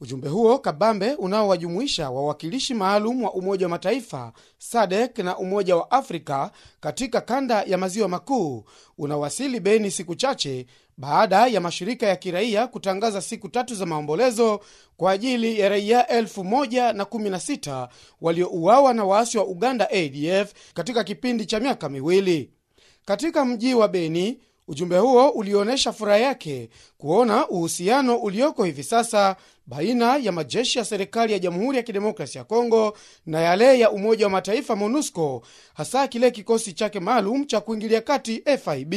Ujumbe huo kabambe unaowajumuisha wawakilishi maalum wa Umoja wa Mataifa, SADEK na Umoja wa Afrika katika kanda ya maziwa makuu unawasili Beni siku chache baada ya mashirika ya kiraia kutangaza siku tatu za maombolezo kwa ajili ya raia 116 waliouawa na waasi wa Uganda ADF katika kipindi cha miaka miwili katika mji wa Beni. Ujumbe huo ulionyesha furaha yake kuona uhusiano ulioko hivi sasa baina ya majeshi ya serikali ya Jamhuri ya Kidemokrasia ya Kongo na yale ya Umoja wa Mataifa MONUSCO, hasa kile kikosi chake maalum cha kuingilia kati FIB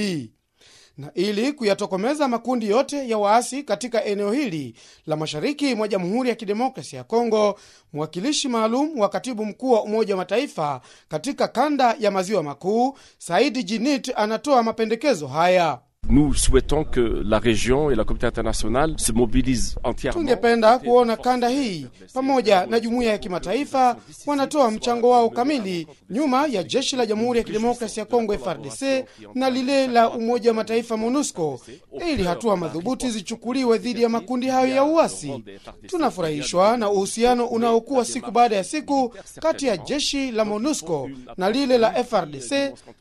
na ili kuyatokomeza makundi yote ya waasi katika eneo hili la mashariki mwa Jamhuri ya Kidemokrasia ya Kongo, mwakilishi maalum wa katibu mkuu wa Umoja wa Mataifa katika kanda ya maziwa makuu Saidi Jinit anatoa mapendekezo haya. Nous souhaitons que la région et la communauté internationale se mobilisent entièrement. Tungependa kuona kanda hii pamoja na jumuiya ya kimataifa wanatoa mchango wao kamili nyuma ya jeshi la Jamhuri ya Kidemokrasia ya Kongo FARDC na lile la Umoja wa Mataifa MONUSCO ili hatua madhubuti zichukuliwe dhidi ya makundi hayo ya uasi. Tunafurahishwa na uhusiano unaokuwa siku baada ya siku kati ya jeshi la MONUSCO na lile la FARDC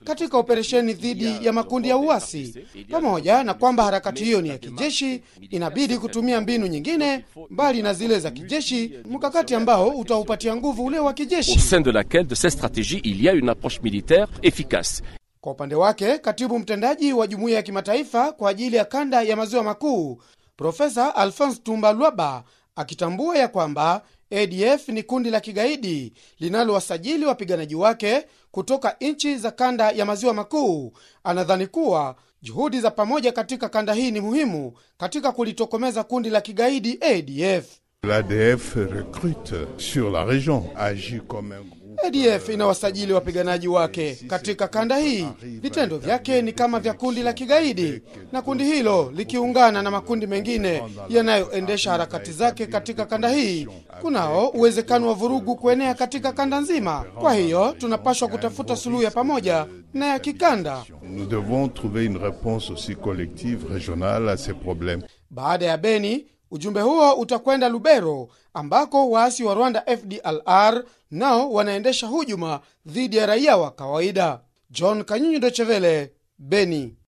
katika operesheni dhidi ya makundi ya uasi pamoja na kwamba harakati hiyo ni ya kijeshi, inabidi kutumia mbinu nyingine mbali na zile za kijeshi, mkakati ambao utaupatia nguvu ule wa kijeshi. Au sein de laquelle de cette stratégie il y a une approche militaire efficace. Kwa upande wake, katibu mtendaji wa jumuiya ya kimataifa kwa ajili ya kanda ya maziwa makuu Profesa Alphonse Tumba Lwaba akitambua ya kwamba ADF ni kundi la kigaidi linalowasajili wapiganaji wake kutoka nchi za kanda ya maziwa makuu, anadhani kuwa Juhudi za pamoja katika kanda hii ni muhimu katika kulitokomeza kundi la kigaidi ADF. L'ADF recrute sur la région, agit comme un ADF inawasajili wapiganaji wake katika kanda hii. Vitendo vyake ni kama vya kundi la kigaidi, na kundi hilo likiungana na makundi mengine yanayoendesha harakati zake katika kanda hii, kunao uwezekano wa vurugu kuenea katika kanda nzima. Kwa hiyo tunapaswa kutafuta suluhu ya pamoja na ya kikanda. devons trouver une réponse aussi collective régionale à ces problèmes. Baada ya Beni Ujumbe huo utakwenda Lubero ambako waasi wa Rwanda FDLR nao wanaendesha hujuma dhidi ya raia wa kawaida. John Kanyunyu, Dochevele, Beni.